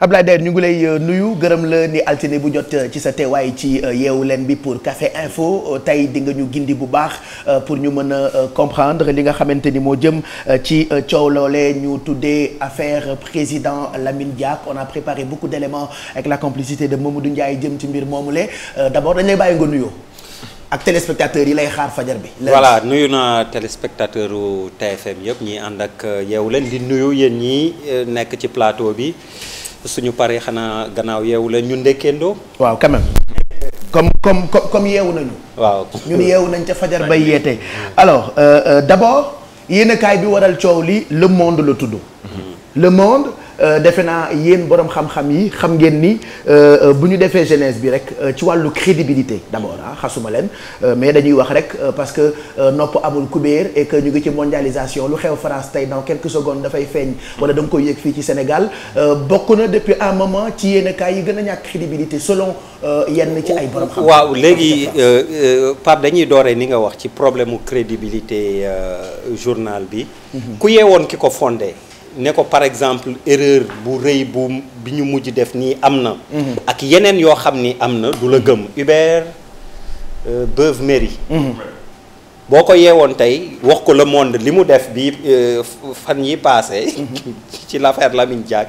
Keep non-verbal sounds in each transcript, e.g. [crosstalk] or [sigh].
Abdoulaye Daouda ñu ngi lay euh, nuyu gërëm la ni altine bu jot euh, ci sa teewaay ci euh, yeewu leen bi pour Café Info tey di nga ñu gindi bu baax pour ñu mën a comprendre li nga xamante ni moo jëm ci coow loole ñu tuddee affaire président Lamine Diack on a préparé beaucoup d'éléments avec la complicité de du Ndiaye jëm ci mbir moomule d'abord dañ lay bàyyi nga nuyoo. ak téléspectateur yi lay xaar fajar bi. voilà nuyu naa téléspectateur TFM yëpp ñi ànd ak yeewu leen di yéen ñi nekk ci plateau bi. suñu paree xanaa gannaaw yeewu la ñu ndekkeendoo waaw quand comme comme comme comme yeewu nañu. waaw ñun yeewu nañ ca fajar bay yeete. alors euh, euh, d' abord yéenekaay bi waral coow li le monde la tudd. Mm-hmm. le monde. Euh, defe naa yéen borom xam-xam yi xam ngeen ni euh, euh, bu ñu defee jeunesse bi rek ci wàllu crédibilité d'abord ah xasuma leen mais dañuy wax rek parce que nopp amul kubéer et que ñu ngi ci mondialisation lu xew France tey dans quelques secondes dafay feeñ. wala danga nga koy yëg fii ci Sénégal bokk na depuis un moment ci yenn cas yi gën a ñàkk crédibilité selon yenn ci ay borom xam waaw léegi Pape dañuy dooree ni nga wax ci problème mu crédibilité journal bi. Mhm. ku yeewoon ki ko fondé. ne ko par exemple erreur bu rëy bu bi ñu mujj def nii am na. Mhm. ak yeneen yoo xam ni am na du la gëm Hubert euh, Beuve Méry. Mhm. boo ko yeewoon tey wax ko le monde li mu def bi euh, fan yi passé mhm. [laughs] ci l'affaire Lamine Diack.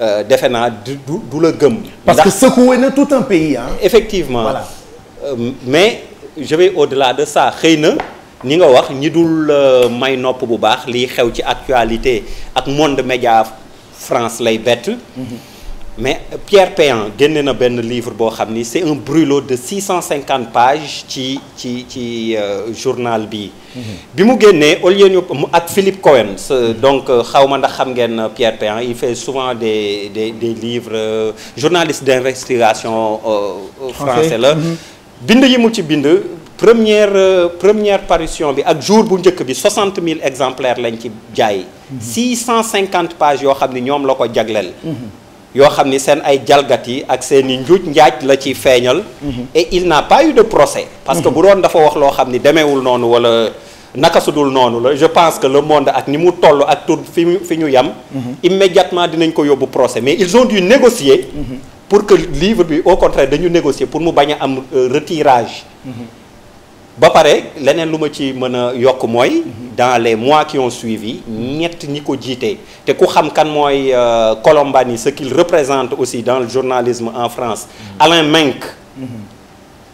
Euh, defe naa du du la gëm. parce que secoué na tout un pays hein. effectivement voilà. mais je vais au-delà de ça xëy na. ni nga wax ñi dul euh, may nopp bu baax liy xew ci actualité ak monde média France lay bett. Mm-hmm. mais Pierre Péan génne na benn livre boo xam ni c'est un brûlot de 650 pages ci ci ci euh, journal bi. Mm-hmm. bi mu génnee au lieu ñu ak Philippe Cohen. Mm-hmm. donc euh, xaw ma ndax xam ngeen Pierre Péan il fait souvent des des des livres journaliste d'investigation euh, français la. bind yi mu ci bind première euh, première parution bi ak jour bu njëkk bi 60 mille exemplaires lañ ci jaay. 650 pages yoo xam ni ñoom la ko jagleel. yoo xam ni seen ay jalgati ak seen i njuuj njaaj la ci feeñal. et il n'a pas eu de procès. parce que bu doon dafa wax loo xam ni demeewul noonu wala naka noonu la je pense que le monde ak ni mu toll ak tur fi ñu fi ñu yam. immédiatement dinañ ko yóbbu procès mais ils ont dû négocier. pour que livre bi au contraire dañu négocier pour mu bañ a am euh, retirage. ba pare leneen lu ma ci mën a yokk mooy dans les mois qui ont suivi ñett ñi ko jiite te ku xam kan mooy euh, Colombani ce kil représente aussi dans le journalisme en France Alain Menck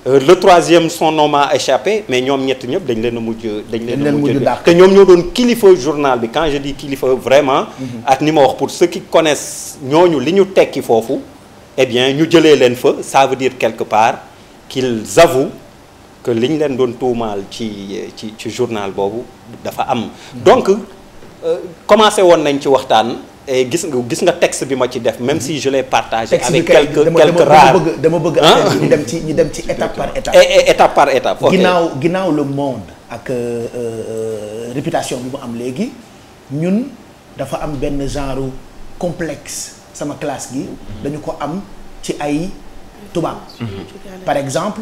euh, le troisième son nom m'a échappé mais ñoom ñett ñëpp dañ leen a mujj dañ leen a mujj te ñoom ñoo doon kilifa journal bi quand je dis kilifa vraiment mhm. ak ni ma wax pour ceux qui connaissent ñooñu li ñu tekki foofu eh bien ñu jëlee leen fa ça veut dire quelque part qu'ils avouent que li ñu leen doon tuumaal ci ci ci journal boobu dafa am. donc euh, commencé woon nañ ci waxtaan. et gis nga gis nga texte bi ma ci def même si je l'ai partagé avec quelques quelques rares dama bëgg dama bëgg ñu dem ci ñu dem ci étape par par étape ok ginnaaw ginnaaw le monde ak euh, euh, réputation bi mu am léegi ñun dafa am benn genre complexe sama classe gi dañu ko am ci ay tubaab. par exemple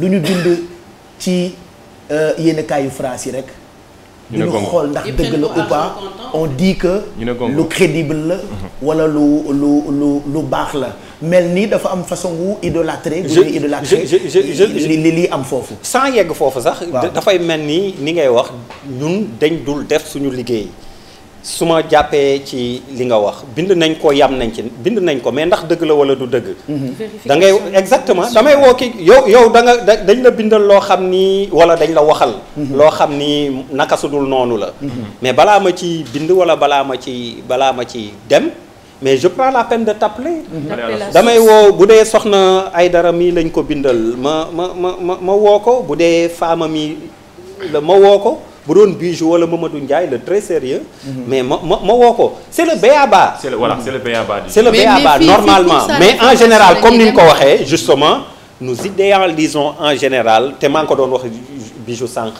lu ñu bind. ci euh, yenn kaayu phrase yi rek. ñu ne xool ndax dëgg la ou pas on dit que. lu crédible la. Mhm. wala lu lu lu lu baax la mel nii dafa am façon wu idolâtré. je je li li am foofu. san yegg foofu sax. dafay mel ni ni ngay wax ñun dañ dul def suñu liggéey. su ma jàppee ci li nga wax bind nañ ko yam nañ ci bind nañ ko mais ndax dëgg la wala du dëgg. da ngay exactement damay woo ki yow yow da nga dañ la bindal loo xam ni wala dañ la waxal. Mhm. loo xam ni naka su dul noonu la. Mhm. mais balaa ma ci bind wala balaa ma ci balaa ma ci dem. mais je prends la peine de t'appeler mhm. damay woo bu dee soxna ay dara mii lañ ko bindal ma ma ma ma woo ko bu dee faama mii la ma woo ko. bu doon Bijou wala Mamadou ndiay le très sérieux mhm. mais ma ma ma woo ko c'est le béaba. c'est le voilà c'est le normalement mais en général comme ni ñu ko waxee justement nous idéalisons en général te maa ngi ko doon wax Bijou sànq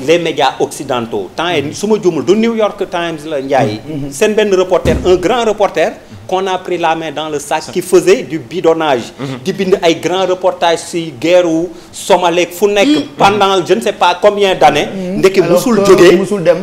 les médias occidentaux temps yi su ma jumul du New York Times la Ndiaye mhm. seen benn reporter un grand reporter qu'on a pris la main dans le sac qui faisait du bidonnage mhm. di bind ay grands reportages si guerru Somalie fu nekk mhm. pendant je ne sais pas combien d'années ndekki musul jógee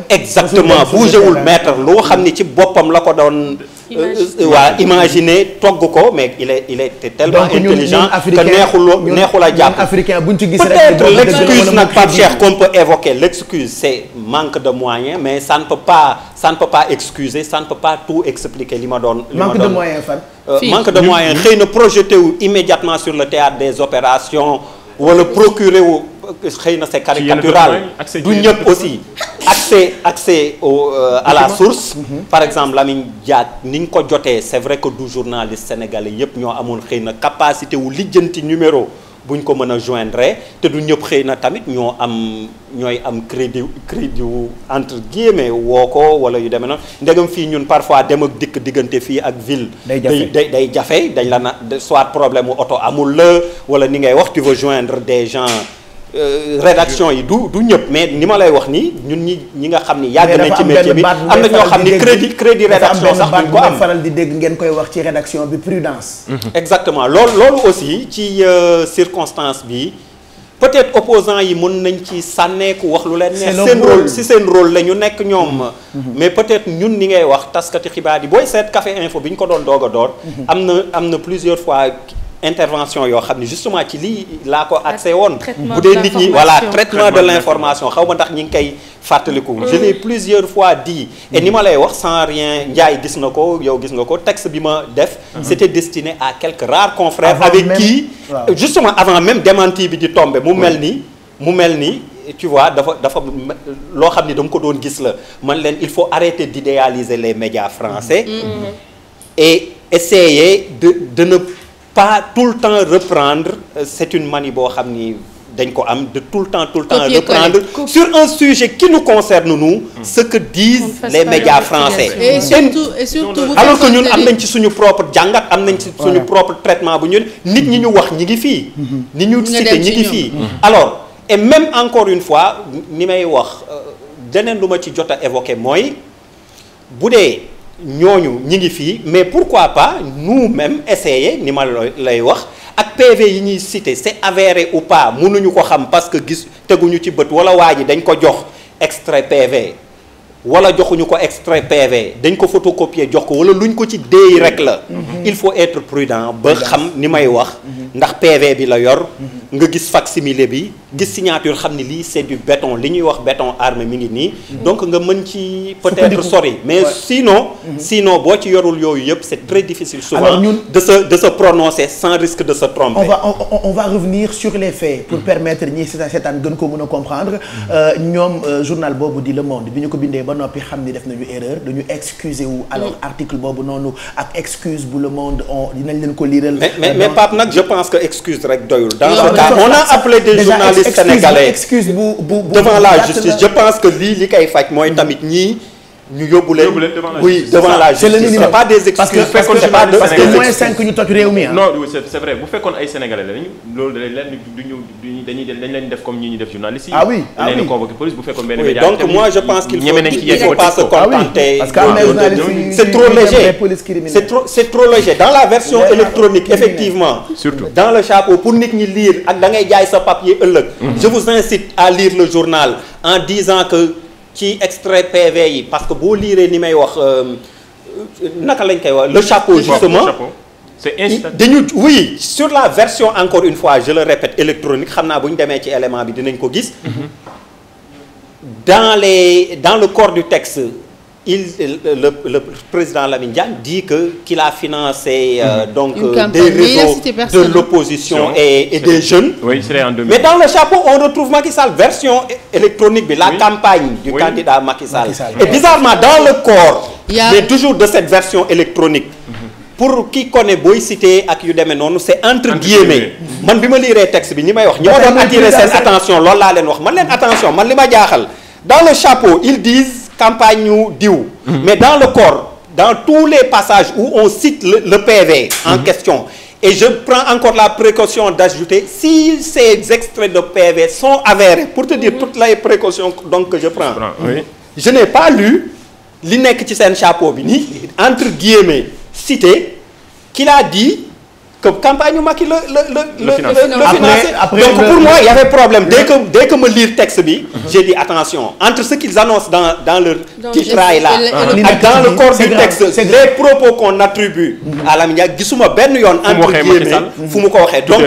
exactement bougéwul maître loo xam ni ci boppam la ko doon Euh, waa imaginer togg ko mais il est il est tellement intelligent que neexuloo neexul a jàpp africain buñ ci gis rek peut-être l'excuse nag Pape Cheikh qu'on peut évoquer l'excuse c'est manque de moyens mais ça ne peut pas ça ne peut pas excuser ça ne peut pas tout expliquer li ma doon ma doon manque de moyens fan euh, manque de moyens xëy na projeté wu immédiatement sur le théâtre des opérations wala procurer wu xëy na c'est caricatural du ñëpp aussi accès accès au euh, à la source mhm. par exemple Lamine Diack ni ñu ko jotee c'est vrai que du journaliste sénégalais yëpp ñoo amoon xëy na capacité wu lijjanti numéro bu ñu ko mën a joindre te du ñëpp xëy na tamit ñoo am ñooy am crédit crédit wu entre guillemets woo ko wala yu demee na ndegam fii ñun parfois dem ak dikk diggante fii ak ville. day day day jafe dañ la na soit problème mu oto amul la wala ni ngay wax tu veux joindre des gens. Euh, rédaction yi du du ñëpp mais ni ma lay wax nii ñun ñi ñi nga xam ni yàgg nañ ci métier bi am na ñoo xam ni crédit crédit rédaction sax duñ ko am faral di dégg ngeen koy wax ci rédaction bi prudence mhm. exactement loolu loolu aussi ci euh, circonstance bi peut-être opposants yi mën nañ ci sànneeku wax lu leen neex seen si seen rôle la ñu nekk ñoom mhm. Mhm. mais peut-être ñun ni ngay wax taskati xibaar yi booy seet café info bi ñu ko doon doog a am na am na plusieurs fois intervention yoo xam ne justement ci lii laa ko accès woon bu dee nit ñi voilà traitement de l'information xaw ma ndax ñi ngi koy fàttaliku mm. je l'ai plusieurs fois dit et ni ma lay wax sans rien Ndiaye gis na ko yow gis nga ko texte bi ma def mm-hmm. c'était destiné à quelques rares confrères avant avec même... qui justement avant même démenti bi di tombe mu mel ni mu mel ni tu vois dafa dafa loo xam ni dama ko doon gis la man leen il faut arrêter d'idéaliser les médias français mmh. et pas tout le temps reprendre euh, c'est une manie boo xam ni dañ ko am de tout le temps tout le temps reprendre sur un sujet qui nous concerne nous hmm. ce que disent les médias français et surtout et ñun am nañ ci suñu propre jàngat am nañ ci suñu propre traitement bu ñun nit ñi ñu wax ñi ngi fii mm-hmm. ni ñu cité ñi ngi fii mm-hmm. alors et même encore une fois ni may wax leneen euh, lu ma ci jot a évoqué mooy bu dee ñooñu ñi ngi fii mais pourquoi pas nous-mêmes essayer ni ma lay wax ak PV yi ñuy cité c'est avéré ou pas mënuñu ko xam parce que gis teguñu ci bët wala waa ji dañ ko jox extrait PV wala joxuñu ko extrait PV dañ ko photocopier jox ko wala luñ ko ci déey rek la. Mm-hmm. il faut être prudent ba xam ni may wax. Mm-hmm. ndax PV bi la yor. Mm-hmm. nga gis facsimilé bi gis signature xam ni lii c'est du béton li ñuy wax béton armé mi ngi nii. donc nga mën ci peut-être sori. mais sinon. sinon boo ci yorul yooyu yëpp c'est très difficile. souvent de se de se prononcer sans risque de se tromper. on va on va revenir sur les faits. pour permettre ñi seetaan gën ko mun a comprendre. Euh, ñoom euh, journal boobu di Le Monde bi ñu ko bindee. ba noppi xam ni def nañu erreur dañu excuser wu alors article boobu noonu ak excuse bu le monde on dinañ leen ko liiral mais mais euh, Pape nag je pense que excuse rek doyul dans ce cas on a appelé des journalistes sénégalais excuse bu bu la justice je pense que lii li koy faj mooy mm-hmm. tamit ñii ñu yóbbu leen oui devant la justice c'est pas des excuses parce que c'est pas de moins cinq ñu toj réew mi non c'est vrai bu fekkoon ay sénégalais lañu loolu dañ leen du ñu dañuy dañ leen def comme ñi ñu def journaliste yi ah oui dañ ah leen convoqué police bu fekkoon benn média donc moi je pense qu'il faut pas se ah contenter c'est trop léger c'est trop c'est trop léger dans la version électronique effectivement surtout dans le chapeau pour nit ñi lire ak da ngay jaay sa papier ëllëg mm-hmm. je vous incite à lire le journal en disant que ci extrait PV yi parce que boo liiree ni may wax euh, naka lañ koy wax le chapeau justement c'est dañu oui sur la version encore une fois je le répète électronique xam naa bu ñu demee ci élément bi dinañ ko gis mhm. dans dans le corps du texte il, le, le, président Lamine Diagne dit que qu'il a financé euh, donc euh, des réseaux de l'opposition et, et des jeunes. Oui, en 2000. Mais dans le chapeau, on retrouve Macky Sall version électronique de la oui. campagne du oui. candidat Macky Sall. Macky Sall. Et bizarrement, dans le corps, mais toujours de cette version électronique. pour ki connaît booy cité ak yu demee noonu c'est entre guillemets man bi ma liiree texte bi ñi may wax ñi ma doon attirer seen attention loolu laa leen wax man leen attention man li ma jaaxal campagne ñu diw. Mhm. mais dans le corps dans tous les passages où on cite le, le PV en mmh. question et je prends encore la précaution d'ajouter si ces extraits de PV sont avérés pour te dire toutes les précautions donc que je prends oui. je n'ai pas lu li nekk ci seen chapeau bi ni entre guillemets cité qu'il a dit que campagne yu Macky la la la la la financé donc pour moi il y problème dès que ma lire texte bi j'ai dit attention entre ce qu'ils annoncent dans dans leur ak dans le corps du texte les propos qu'on attribue à gisuma benn yoon entre guillemets fu mu ko waxee donc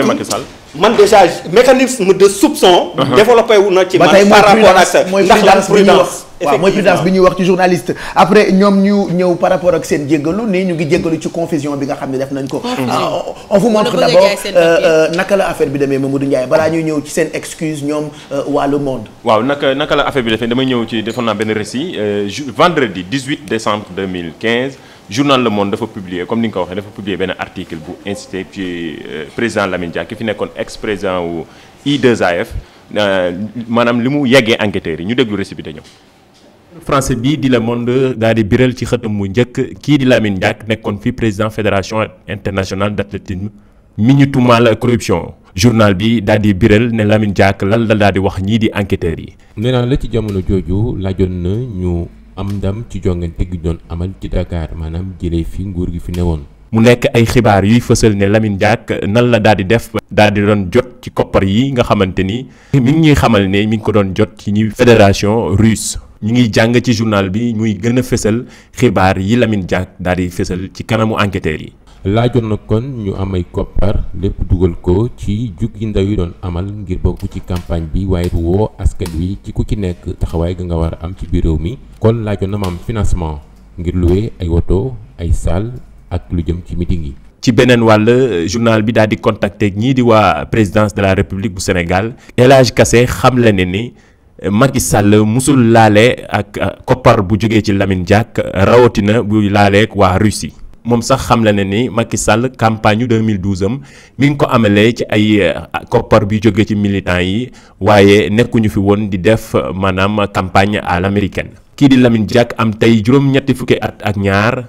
man déjà mécanisme de soupçon uh-huh. développé wu na ci man par rapport ak ndax lan prudence waaw mooy prudence bi ñuy wax ci journaliste après ñoom ñu ñëw par rapport ak seen jéggalu ne ñu ngi jéggalu ci confusion bi nga xam ne def nañ ko mm-hmm. ah, on vous montre d'abord euh, euh, naka la affaire bi demee moom du Ndiaye balaa ñuy ñëw ci seen excuse ñoom euh, waa le monde waaw naka naka la affaire bi defee dama ñëw ci defoon naa benn récit vendredi 18 décembre 2015 journal Le Monde dafa publier comme ni nga ko waxee dafa publier benn article bu incité ci président Lamine Diack ki fi nekkoon ex président I2AF maanaam li mu yeggee enquêteurs yi ñu déglu récit bi dañu français bii di Le Monde daal biral ci xëtam mu njëkk kii di Lamine Diack nekkoon fi président fédération internationale d'athlétisme mi ñu tuumaal corruption journal bi daal di biral ne Lamine Diack lan la daal di wax ñii di enquêteurs yi. nee la ci jamono jooju laajoon na ñu am ndam ci jongante gi doon amal ci Dakar maanaam jëlee fi nguur gi fi woon mu nekk ay xibaar yuy fësal ne Lamine Diack nan la daal di def daal di doon jot ci koppar yi nga xamante ni mi ngi ñuy xamal ne mi ngi ko doon jot ci ñi fédération russe. ñu ngi jàng ci journal bi muy gën a fësal xibaar yi Lamine Diack daal di fësal ci kanamu enquêteurs yi. laajoon na kon ñu am ay koppar lépp dugal ko ci jug yi doon amal ngir bokk ci campagne bi waaye woo askan wi ci ku ci nekk taxawaay ga nga war a am ci biir réew mi kon laajoon na ma am financement ngir louer ay woto ay salle ak lu jëm ci meeting yi. ci beneen wàll journal bi daal di contacter ñii di waa présidence de la république bu Sénégal élage kase Kassé xamle ne ni Macky Sall mosul laale ak uh, koppar bu jóge ci Lamine Diack uh, rawatina buy laaleek waa Russie moom sax xam la ne ni Macky Sall campagne 2012 am mi ngi ko amalee ci ay uh, koppar bi jóge ci militants yi waaye nekkuñu fi woon di def maanaam campagne à l'américaine kii di Lamine Diack am tey juróom-ñetti fukki at ak ñaar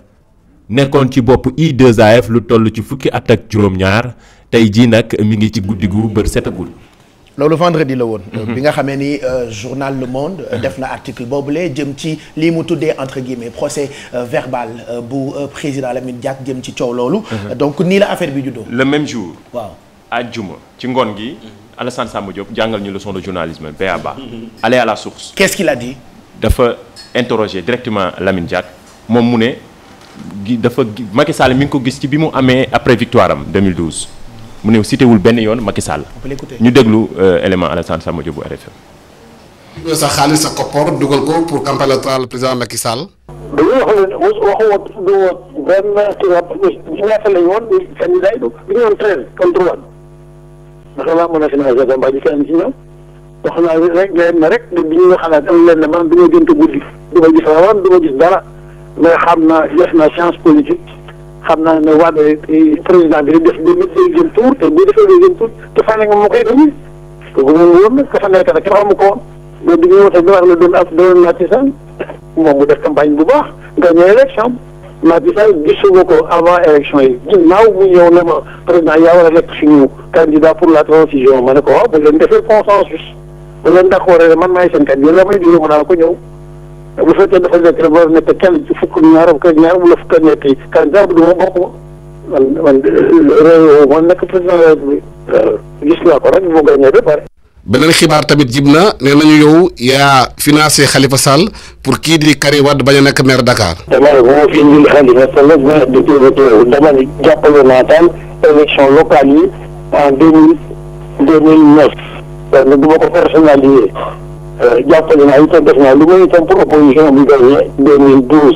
nekkoon ci bopp i 2 lu toll ci fukki at ak juróom-ñaar tey jii nag mi ngi ci guddi gu bër setagul loolu vendredi la woon. Mhm. Euh, bi nga xamee ni euh, journal Le Monde. Euh, def na boobu boobule jëm ci lii mu tuddee entre guillemets procès verbal bu président Lamine Diack jëm ci coow loolu. Mhm. donc nii la affaire bi juddoo. la même jour. waaw àjjuma ci ngoon gi. Mhm. Alassane Samba Diop jàngal ñu leçon de journalisme BABA. aller à la source. qu'est-ce qu'il a dit. dafa interroger directement Lamine Diack moom mu ne dafa Macky Sall mi ngi ko gis ci bi mu amee après victoire am 2012. mu ne citéwul benn yoon Macky Sall ñu déglu euh, élément Alassane Samba Diop bu RFM sa xaalis sa koppoor dugal ko pour campagne électorale président Macky Sall dañuy wax ne mos waxoo tudd woon benn kii wax ñaata lañ woon candidat yi bi ñu woon treize a financé campagne bi kenn ci ñoom wax naa rek leen na rek ne bi ñu xalaat am leen ne man bi ñu gënt guddi xam naa def naa science politique xam naa ne waa président bi def deuxième tour te bu defee deuxième tour dafa nekk moo koy gagné kooku moom wóor na dafa nekk nag kenn xamu ko woon loolu dañuy woote bi wax la doon as doon Macky Sall moom mu def campagne bu baax gagné élection Macky Sall gisuma ko avant élection yi ginnaaw mu ñëw ne ma président yaa war a nekk suñu candidat pour la transition ma ne ko waaw bu leen defee consensus bu leen d' accord man maay seen candidat la may déglu ma daal ko ñëw. bu fekkee dafa nekk rek war nekk kenn fukk ñaar ak ñaar wala fukk ak ñett yi kan jàpp du bokk ma man nekk président euh, gis naa ko rek moo gagné ba pare. beneen xibaar tamit jib na nee nañu yow yaa financé Khalifa Sall pour kii di Karim Wade bañ a nekk maire Dakar. dama ne jàppale naa daal élection locale yi en deux mille neuf. parce ko personnalisé. jàppale naa itam def naa lu may itam pour opposition bi gagné 2012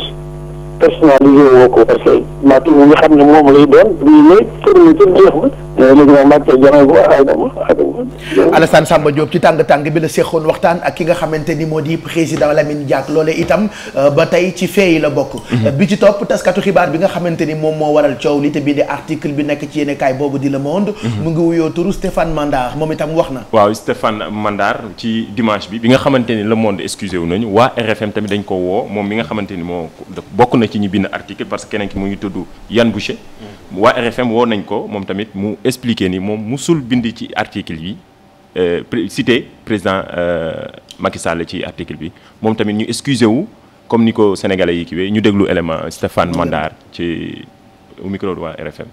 personnalisé woo ko parce que maa ngi xam ne moom lay doon bii ne tërmi tër Alassane Samba Diop ci tàng tàng bi la séqoon waxtaan ak ki nga xamante ni moo di président Lamine Diack loole itam euh, ba tey ci fee yi la bokk. Mhm. bi ci topp taskatu xibaar bi nga xamante ni moom moo waral coow li te bii di article bi nekk ci yéenekaay boobu di Le Monde. Mhm. moom itam wax na. waaw Stéphane Mandar ci dimanche bi bi nga xamante ni la Monde excusé wu nañu waa RFM tamit dañ ko woo moom mi nga xamante ni moo bokk na ci ñi bind article parce que keneen ki mu ngi tudd Yann Boucher. Mhm. waa RFM woo nañ ko moom tamit mu expliqué ni moom mosul bind ci article yi euh, cité président euh, Macky Sall ci article bi moom tamit ñu excusé wu comme ni ko sénégalais yi kiiwee ñu déglu élément Stéphane Mandar ci au micro de RFM.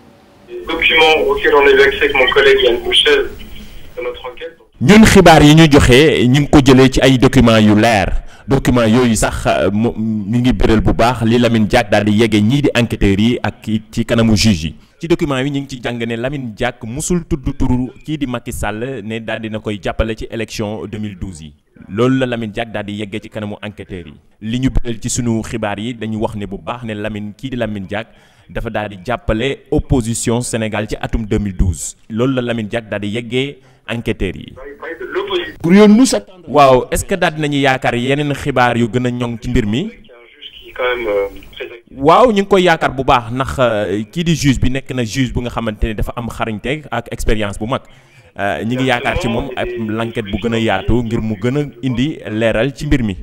ñun xibaar yi ñu joxe ñu ngi ko jëlee ci ay documents yu leer documents yooyu sax euh, mu ñu ngi biral bu baax li lamin Diack daal di yegge ñii di enquêteurs yi ak ci kanamu juge yi. ci document yi ñu ngi ci jàng ne Lamine Diack musul tudd turu kii di Macky Sall ne daal di na koy jàppale ci élection 2012 yi loolu la Lamine Diack daal di yeggee ci kanamu enquêteurs yi li ñu biral ci sunu xibaar yi dañu wax ne bu baax ne Lamine kii di Lamine Diack dafa daal di jàppale opposition Sénégal ci atum 2012 loolu la Lamine Diack daal di yeggee enquêteurs yi. waaw est-ce que daal dinañu yaakaar yeneen xibaar yu gën a ñoŋ ci mbir mi. Euh, waaw ñu ngi koy yaakaar bu baax ndax euh, kii di juge bi nekk na juge bu nga xamante ne dafa am xarañte ak expérience bu mag. Euh, ñu ngi yaakaar ci moom ab l'enquête bu gën a yaatu ngir mu gën a indi leeral ci mbir mi.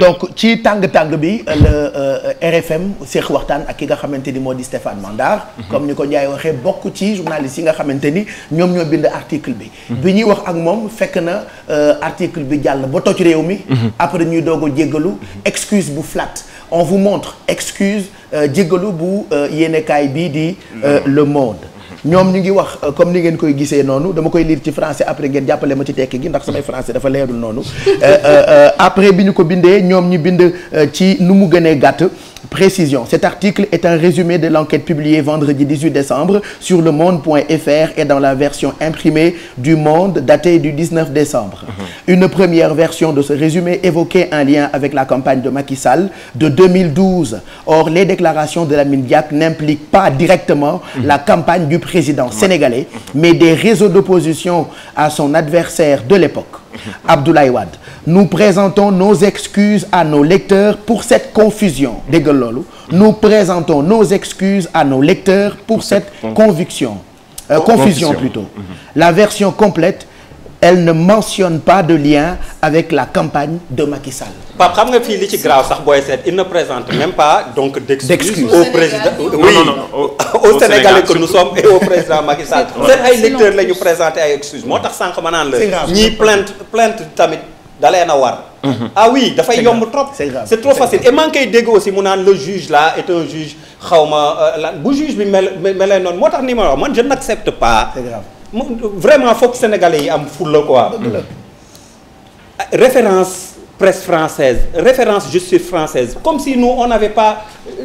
donc ci tàng-tàng bi le euh, RFM seex waxtaan ak ki nga xamante ni moo di Stéphane Mandar mhm. comme ni ko Ndiaye waxee bokk ci journaliste yi nga xamante ni ñoom ñoo bind article bi mhm. bi ñuy wax ak moom fekk na euh, article bi jàll ba toj réew mi mhm. après ñuy doog a jéggalu excuse bu flat on vous montre excuse euh, jéggalu bu yéenekaay bii di Le Monde ñoom ñu ngi wax euh, comme ni ngeen koy gisee noonu dama koy lire ci français après ngeen jàppale ma ci tekki gi ndax [laughs] euh, euh, après bi ñu ko bindee ñoom ñu bind ci nu mu gënee gàtt Précision. Cet article est un résumé de l'enquête publiée vendredi 18 décembre sur le monde.fr et dans la version imprimée du Monde datée du 19 décembre. Mmh. Une première version de ce résumé évoquait un lien avec la campagne de Macky de Or, les déclarations de la MINDIAC n'impliquent pas directement mhm. la campagne du président sénégalais mais des réseaux d'opposition à son adversaire de l'époque Abdoulaye Wade nous présentons nos excuses à nos lecteurs pour cette confusion déggal loolu nous présentons nos excuses à nos lecteurs pour cette conviction euh, confusion plutôt la version complète elle ne mentionne pas de lien avec la campagne de Macky Sall. Pape xam nga fii li ci grave sax booy seet il ne présente même pas donc d'excuse au président oui au Sénégalais que nous sommes et au président Macky Sall [laughs] la ñu présenté ay moo tax sànq ma naan la ñii plainte plainte tamit dalee na war mhm. ah oui dafay yomb trop c'est trop facile et maa ngi naan le juge là est un juge xaw ma euh, lan bu juge bi mel melee noonu moo tax ni ma wax man je n'accepte pas vraiment foog sénégalais yi am fulla quoi. référence presse française référence justice française comme si nous on n'avait pas euh,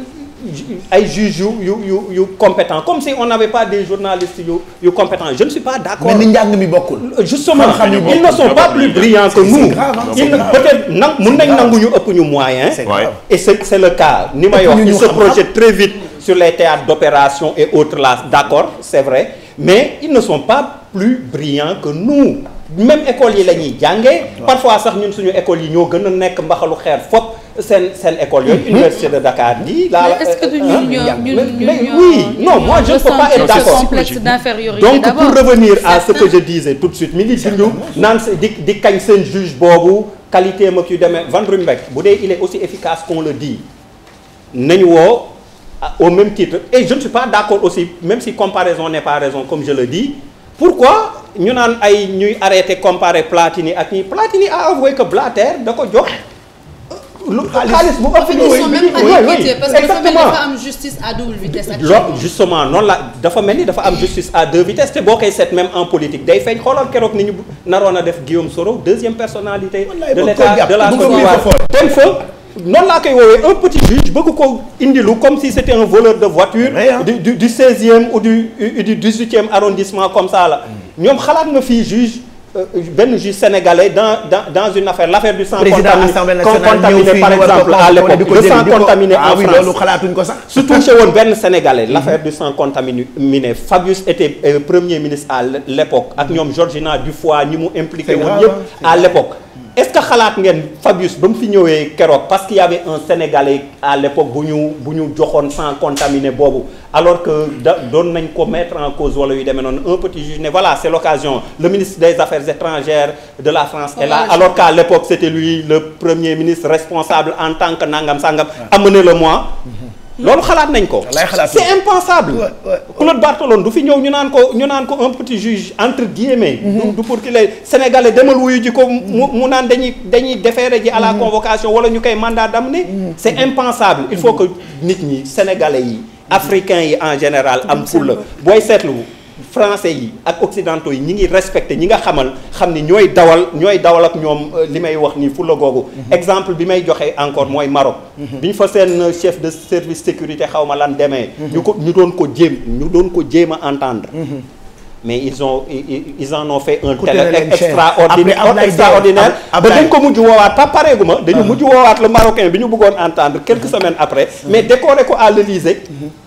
ay juges yu yu yu yu compétents comme si on n'avait pas des journalistes yu yu compétents je ne suis pas d'accord mais ni njàng mi bokkul justement ils ne sont pas plus brillants que nous ils peut-être nag mun nañ nangu ñu ëpp ñu moyen et c'est c'est le cas ni may wax se projettent très vite sur les théâtres d'opération e autres là d'accord c'est vrai mais ils ne sont pas plus brillants que nous même école yi la ñuy jàngee parfois sax ñun suñu école yi ñoo gën a nekk mbaxalu xeer fop seen seen école yooyu mm-hmm. université de Dakar di la mais est-ce que euh, euh, ah, oui non moi je ne peux pas être donc pour revenir à ce que je disais tout de suite mi ngi junju naan di di kañ seen juge boobu qualité mag yu demee Van Ruymbeck bu dee il est aussi efficace qu'on le dit nañu woo au même titre et je ne suis pas d'accord aussi même si comparaison n'est pas raison comme je le dis pourquoi ñu naan ay ñuy arrêté comparer Platini ak ñi Platini a avoué que Blatter da ko jox. Euh, lu xaalis bu ëpp ñu oui oui parce que dafa mel ni dafa am justice à double vitesse loolu justement noonu la dafa mel ni dafa am justice à deux vitesses te boo koy seet même en politique day feeñ xoolal keroog ni ñu naroon a def Guillaume Soro deuxième personnalité de l'état de la Côte d'Ivoire dem fa noonu laa koy woowee un petit juge bëgg ko indilu comme si c'était un voleur de voiture du du du seizième ou du du dix-huitième arrondissement comme ça la mm. ñoom xalaat nga fii juge euh, benn juge sénégalais dans dans dans une affaire l'affaire du sang contaminé contaminé par exemple à l'époque le sang contaminé ah en France loolu xalaatuñ ko sax su touché woon benn sénégalais mm-hmm. l'affaire du sang contaminé Fabius était euh, premier ministre à l'époque ak ñoom Georgina Dufoy ñi mu impliqué woon yëpp à l'époque est-ce que xalaat ngeen Fabius ba mu fi ñëwee keroog parce qu'il y avait un Sénégalais à l'époque bu ñu bu ñu joxoon sans contaminé boobu alors que da doon nañ ko mettre en cause wala yu demee noonu un petit juge ne voilà c'est l'occasion le ministre des affaires étrangères de la France est là alors qu'à l'époque c'était lui le premier ministre responsable en tant que nangam sangam amenez-le-moi mm-hmm. loolu xalaat nañ ko. c'est impensable. Claude Bartolone du fi ñëw ñu naan ko ñu naan ko un petit juge entre guillemets. Mm-hmm. du du pour que les sénégalais demal wuyu ji ko mu naan dañuy dañuy déférer ji à la mm-hmm. convocation wala ñu koy mandat d'amener. Mm-hmm. c'est impensable il faut que nit ñi sénégalais yi. africains yi en général am fulla booy seetlu. français yi ak occidentaux yi ñi ngi respecté ñi nga xamal xam ne ñooy dawal ñooy dawal ak ñoom euh, li may wax nii fu la googu mhm. exemple bi may joxe encore mooy Maroc mhm. bi ñu fa seen euh, chef de service sécurité xaw ma lan demee mhm. ñu ko ñu doon ko jéem ñu doon ko jéem a entendre mais ils ont ils en ont fait un tel extraordinaire extraordinaire ba dañ ko mujj woowaat pas pareegu ma dañu ah. mujj woowaat le marocain bi ñu bëggoon entendre quelques semaines après ah. mais décoré ko à l'Élysée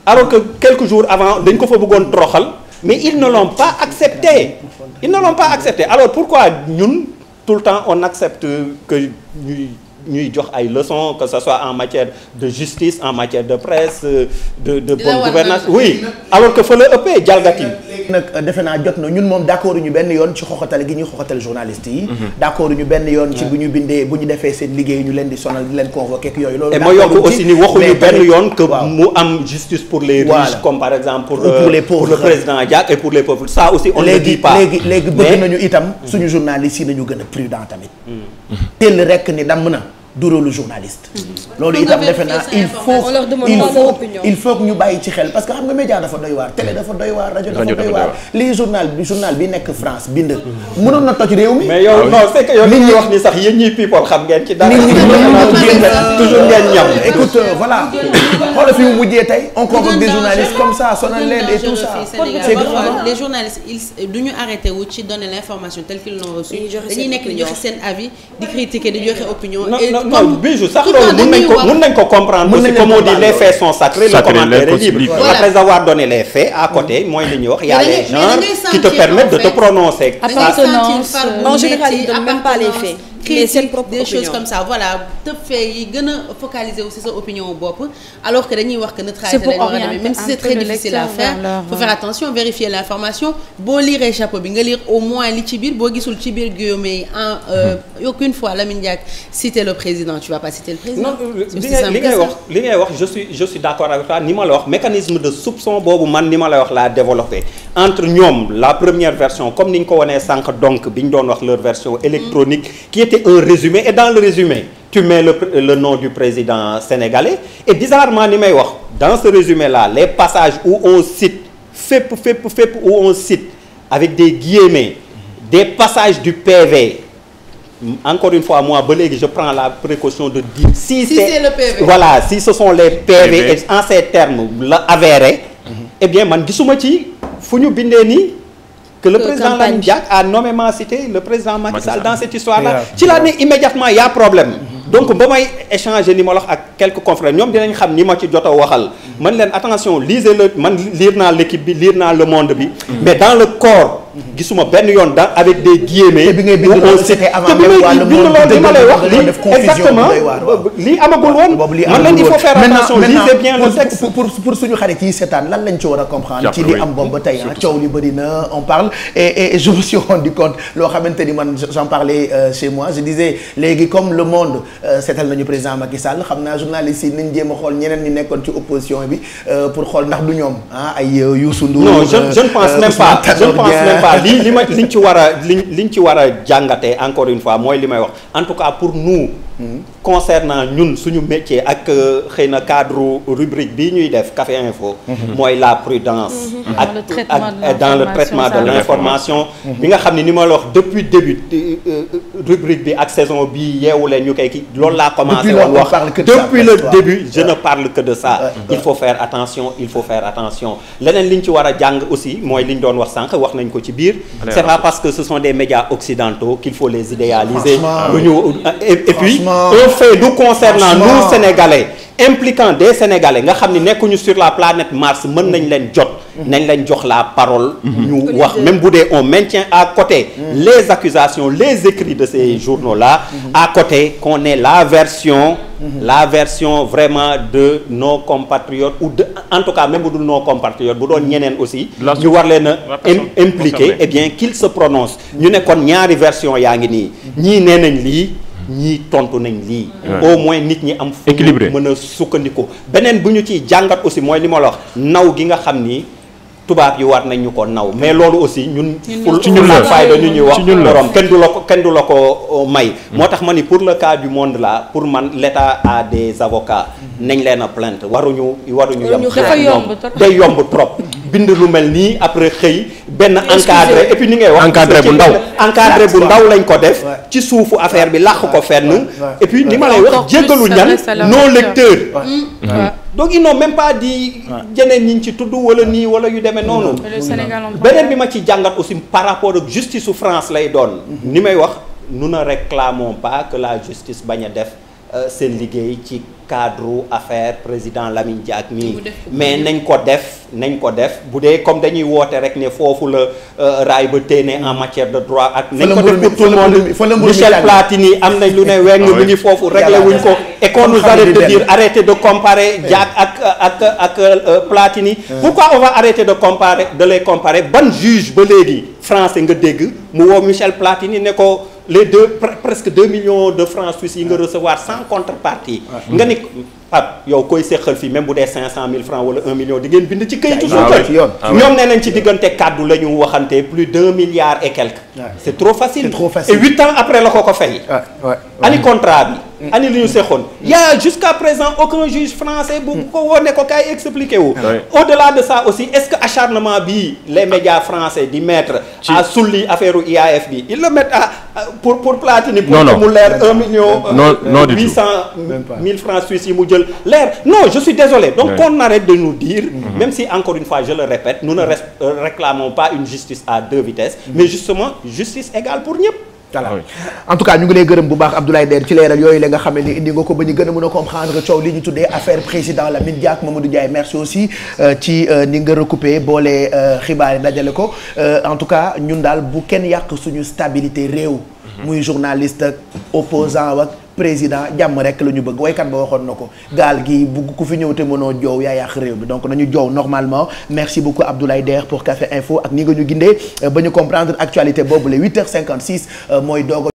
alors que quelques jour avant dañ ko fa bëggoon troxal mais ils ne l'ont pas accepté ils ne l'ont pas accepté alors pourquoi ñun tout le temps on accepte que ñuy ñuy jox ay leçons que ce soit en matière de justice en matière de presse de de bonne gouvernance oui alors que fa la ëppee jalgati nag defe naa jot na ñun moom d'accord ñu benn yoon ci xoxatal gi ñuy xoxatal yi mhm. d'accord ñu benn yoon ci bu ñu bindee ñu defee seen liggéey ñu leen di sonal di leen convoquer ak yooyu loolu et ma yokk aussi ni waxuñu benn yoon que mu am justice pour les riches comme par exemple pour euh, les pauvres pour le président Diack et pour les pauvres ça aussi on ne dit pas léegi léegi bëgg nañu itam mhm. suñu journaliste yi nañu gën a prudent tamit mhm. rek ni damm na du rôle journaliste. Mhm. loolu itam defe naa il faut il faut il faut ñu bàyyi ci xel parce que xam nga média dafa doy waar télé mhm. dafa doy waar rajo dafa doy waar lii journal bi journal bi nekk France bind. Mhm. mënoon na toj réew mi. mais yow ah non c'est que yow li ñuy wax ni sax yéen ñuy people xam ngeen ci dara. nit ñi toujours ngeen ñam. écoute euh, voilà. xoolal fi mu mujjee tey on convoque des journalistes comme ça sonal leen et tout wu ci donner l'information telle qu'ils l'ont reçue. dañuy nekk di joxe seen avis di critiquer di joxe opinion. et non non Bijou sax loolu mën nañ ko mën nañ ko comprendre. comme on dit les faits sont sacrés. le commentaire est libre après avoir donné les faits à côté mooy li ñuy wax y a les gens qui te permettent de te prononcer. Euh, en général ils ne donnent même pas les faits. créer seen propre des opinion. choses comme ça voilà tëb fee yi gën a focaliser aussi sa opinion bopp alors que dañuy wax que neutraliser lañ war a demee même si c'est très difficile à faire faut faire euh, attention vérifier l'information boo liiree chapeau bi nga lire au moins li ci biir boo gisul ci biir guillaume yi euh, mm-hmm. fois Lamine Diack citer le président tu vas pas citer le président li ngay wax li ngay wax je suis je suis d'accord avec toi ni ma la wax mécanisme de soupçon boobu man ni ma la wax laa développé ni ko wanee sànq donc bi c'était et dans le résumé tu mets le, le nom du président sénégalais et bizarrement ni may wax dans ce résumé là les passages où on cite fépp fépp fépp où on cite avec des guillemets des passages du PV encore une fois moi ba léegi je prends la précaution de dire si, si c'est le PV voilà si ce sont les PV et en ces termes la avéré mhm. eh bien man gisuma ci fu ñu que le président Lamine Diack a nommément cité le président Macky Sall dans cette histoire là ci laa immédiatement y a problème mm-hmm. donc ba may échanger li ma wax ak quelques confrères ñoom dinañ xam ni ma ci jot waxal man leen attention lisez le man liir naa l'équipe bi liir naa le monde bi mm-hmm. mais dans le corps gisuma benn yoon dans avec des guillemets. te bi ngay bind loolu c'était avant même wàllu moom li ma lay man il faut faire attention pour pour pour suñu xarit yi seetaan lan lañ ci war a comprendre. ci li am boobu ba tey ah coow li bëri on parle et je me suis rendu compte loo xamante ni man j'en parlais euh, chez moi je disais léegi comme le monde euh, seetal nañu président Macky Sall xam naa journaliste yi nañ jéem xool ñeneen ñi nekkoon ci opposition bi euh, pour xool ndax du ñoom ah ay Youssou Ndour. non je pas li li ma liñ ci war a liñ liñ ci war a jàngatee encore une fois mooy li may wax en tout cas pour nous. Mhm. concernant ñun suñu métier ak euh, xëy na cadre rubrique bi ñuy def Café Info. Mhm. mooy la prudence. Mhm. ak ak dans le traitement de l'information bi nga xam ne ni ma la wax depuis début euh, euh, rubrique bi ak saison bi yeewu leen ñu koy kii loolu laa commencé woon wax depuis le début je ne parle que de ça il faut faire attention il faut faire attention leneen li ñu ci war a jàng aussi mooy li ñu doon wax sànq wax nañ ko ci biir c'est pas parce que ce sont des médias occidentaux qu'il faut les idéaliser lu ñu euh, et puis un fait nous concernant nous Sénégalais impliquant des sénégalais nga xam ni nekkuñu sur la planète Mars mën nañ leen jot. Mm-hmm. nañ leen jox la parole. Mm-hmm. ñu wax même bu dee on maintient à côté. Mm-hmm. les accusations les écrits de ces journaux là. à côté qu'on ait la version. la version vraiment de nos compatriotes ou de en tout cas même bu dul nos compatriotes bu doon ñeneen aussi. ñu war leen a impliqué et bien qu'ils se prononcent. ñu ne kon ñaari version yaa ngi nii ñii nee lii. ñii tontu nañ lii. au moins nit ñi am. équilibré fu mën a sukkandiku. beneen bu ñu ciy jàngat aussi mooy li ma la wax naw gi nga xam ni tubaab yi war nañ ñu ko naw mais loolu aussi ñun. ci ñun la fayda ñu ñuy wax borom kenn du la ko kenn du la ko euh, may. Mm. moo tax ma ni pour le cas du monde là pour man l' état a des avocats. Mm. nañ leen a plainte waruñu waruñu. yomb day yomb trop. [laughs] bind lu mel nii après xëy benn encadré et ni ngay wax encadré bu ndaw encadré bu ndaw lañ ko def ci suufu affaire bi làq ko fenn et puis ni ma lay wax jéggalu ñan non lecteur hmm. donc ils n'ont même pas di jeneen ñi ci tudd wala nii wala yu demee noonu beneen bi ma ci jàngat aussi par rapport ak justice su France lay doon ni may wax nu na réclamons pas que la justice bañ a def Euh, seen liggéey ci cadre affaire président Lamine Diack mii mais nañ ko def nañ ko def bu dee comme dañuy woote rek ne foofu la euh, raay ba téene en matière de droit ak nañ ko def pour tout le monde Michel Platini am nañ lu ne weng ah mi ngi foofu réglé wuñ ko et qu'on nous arrête de dire arrêtez de comparer eh. Diack ak ak ak euh, Platini eh. pourquoi on va arrêter de comparer de les comparer ban juge ba léegi français nga dégg mu woo Michel Platini ne ko les deux presque deux millions de francs suisses yi nga recevoir sans contrepartie. nga ni Pape yow koy seqal fii même bu dee cinq cent mille francs wala un million di ngeen bind ci kayitu ah suuf ah ñoom nee nañ ci diggante kàddu la ñu waxante plus d'un milliard et quelque. c'est trop facile. c'est trop facile et huit ans après la ko ko fay. ani contrat bi. Mm. ani li ñu seexoon mm. y a jusqu'à présent aucun juge français bu mm. ko woon ko kay expliqué wu au-delà de ça aussi est-ce que acharnement bi les médias français di mettre à sulli affaire IAF bi ils le mettent à pour pour platini pour mu leer un million euh, huit cent mille francs suisses yi mu jël leer non je suis désolé donc qu'on arrête de nous dire mm-hmm. même si encore une fois je le répète nous ne euh, réclamons pas une justice à deux vitesses mm-hmm. mais justement justice égale pour ñëpp voilà en tout cas ñu ngi lay gërëm bu baax Abdoulaye Der ci leeral yooyu la nga xam ne indi nga ko ba ñu gën a mën a comprendre coow li ñu tuddee affaire président Lamine Diack Mamadou Ndiaye merci aussi euh, ci euh, ni nga recoupé boole euh, xibaar yi dajale ko en tout cas ñun daal bu kenn yàq suñu stabilité réew. Mhm. muy journaliste ak opposant ak. président jàmm rek la ñu bëgg waykat ba waxoon na ko gaal gi bugg ku fi ñëw te mënoo joow yaa réew bi donc nañu joow normalement merci beaucoup Abdoulaye Der pour Café Info ak ni nga ñu gindee euh, ba ñu comprendre actualité boobu le 8h56 euh, mooy doog